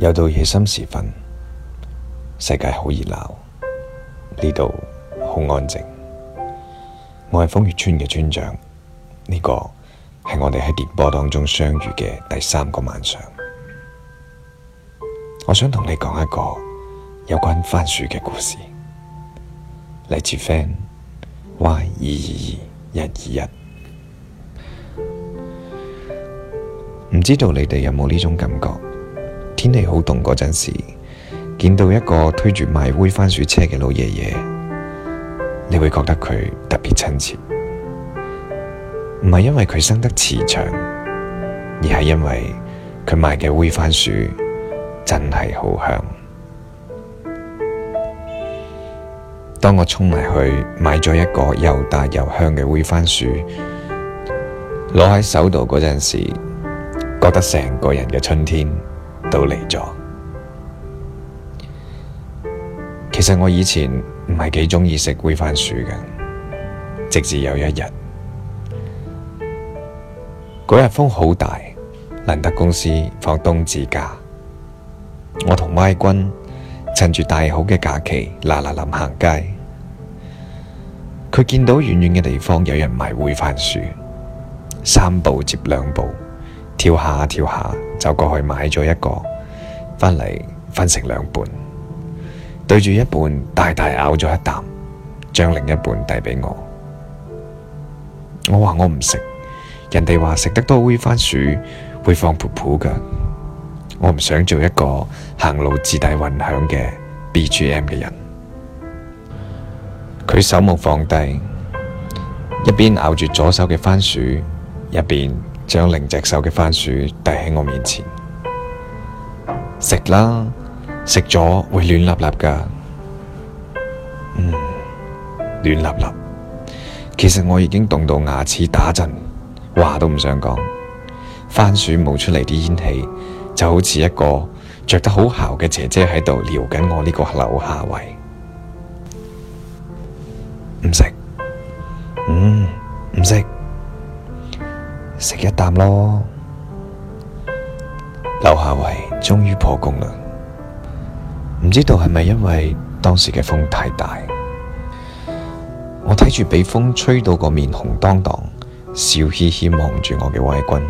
又到夜深時分，世界好熱鬧，呢度好安靜。我係瘋粵村嘅村長，呢個係我哋喺電波當中相遇嘅第三個晚上。我想同你講一個有關番薯嘅故事，嚟自 FAN Y 二二二一二一，唔知道你哋有冇呢種感覺？天氣好凍嗰陣時，見到一個推住賣煨番薯車嘅老爺爺，你會覺得佢特別親切，唔係因為佢生得慈祥，而係因為佢賣嘅煨番薯真係好香。當我衝埋去買咗一個又大又香嘅煨番薯，攞喺手度嗰陣時，覺得成個人嘅春天，都嚟咗。其實我以前唔係幾中意食煨番薯嘅，直至有一日，嗰日風好大，難得公司放冬至假，我同 Y 君趁住大好嘅假期，啦啦霖行街。佢見到遠遠嘅地方有人賣煨番薯，三步接兩步，跳下跳下。走過去買咗一個，翻嚟，分成兩半，對住一半大大咬咗一啖，將另一半遞俾我。我話我唔食，人哋話食得多煨番薯會放噗噗嘅，我唔想做一個行路自帶混響嘅 BGM 嘅人。佢手冇放低，一邊咬住左手嘅番薯，一邊，將零隻手嘅番薯遞喺我面前，食啦，食咗會暖立立噶，嗯，暖立立。其實我已經凍到牙齒打震，話都唔想講。番薯冒出嚟啲煙氣，就好似一個着得好姣嘅姐姐喺度撩緊我呢個樓下位，唔食，嗯，唔食。食一啖咯，柳下惠終於破功啦！唔知道係咪因為當時嘅風太大，我睇住俾風吹到個面紅當當，笑嘻嘻望住我嘅 Y 君，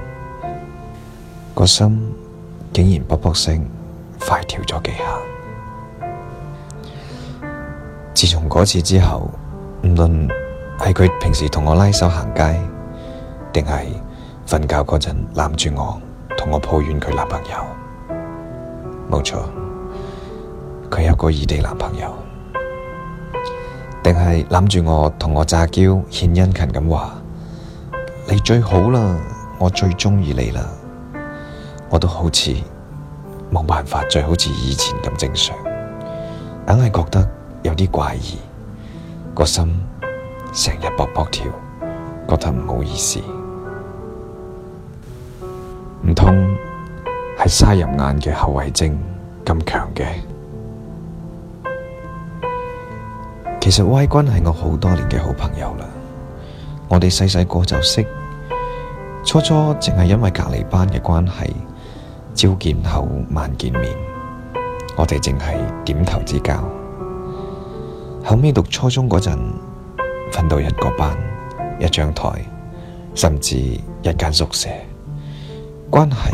個心竟然卜卜聲快跳咗幾下。自從嗰次之後，無論係佢平時同我拉手行街，定係瞓覺嗰陣攬住我，同我抱怨佢男朋友，冇錯，佢有個異地男朋友，定係攬住我同我詐嬌獻殷勤咁話：你最好啦，我最中意你啦。我都好似冇辦法再好似以前咁正常，硬係覺得有啲怪異，個心成日卜卜跳，覺得唔好意思。唔通係沙入眼嘅後遺症咁強嘅？其實 Y 君係我好多年嘅好朋友啦，我哋細細個就識，初初淨係因為隔離班嘅關係，朝見口，晚見面，我哋淨係點頭之交。後尾讀初中嗰陣，瞓到一個班，一張台，甚至一間宿舍。關係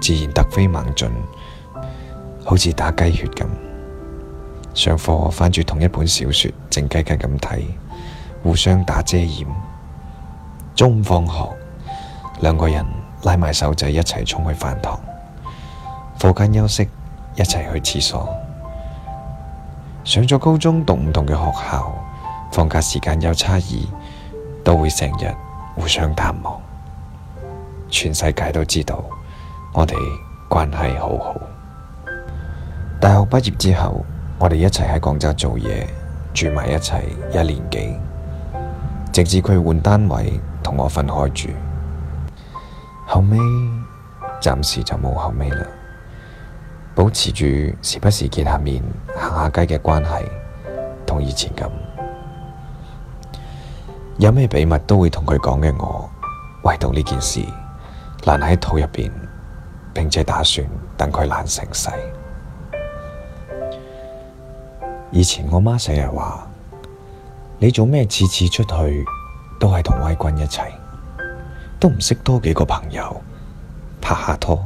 自然突飛猛進，好似打雞血咁。上課翻住同一本小說，靜雞雞咁睇，互相打遮掩。中午放學，兩個人拉埋手仔一齊衝去飯堂。課間休息，一齊去廁所。上咗高中讀唔同嘅學校，放假時間有差異，都會成日互相探望。全世界都知道我哋關係好好。大學畢業之後，我哋一齊喺廣州做嘢，住埋一齊一年幾，直至佢換單位同我分開住。後尾暫時就冇後尾啦，保持住時不時見下面行下街嘅關係，同以前咁，有咩秘密都會同佢講嘅。我唯獨呢件事。爛喺肚入邊，並且打算等佢爛成世。以前我媽成日話：你做咩次次出去都係同 Y 君一齊，都唔識多幾個朋友拍下拖？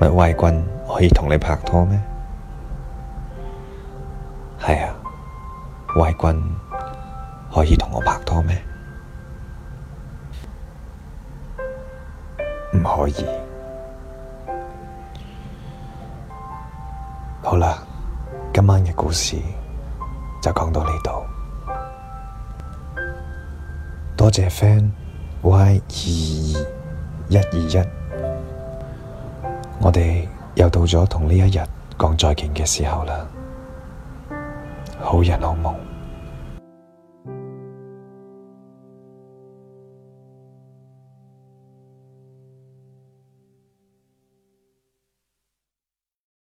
咪 Y 君可以同你拍拖咩？係啊，Y 君可以同我拍拖咩？唔可以。好啦，今晚嘅故事就講到呢度。多謝 FAN Y 二二二一二一，我哋又到咗同呢一日講再見嘅時候啦。好人好夢。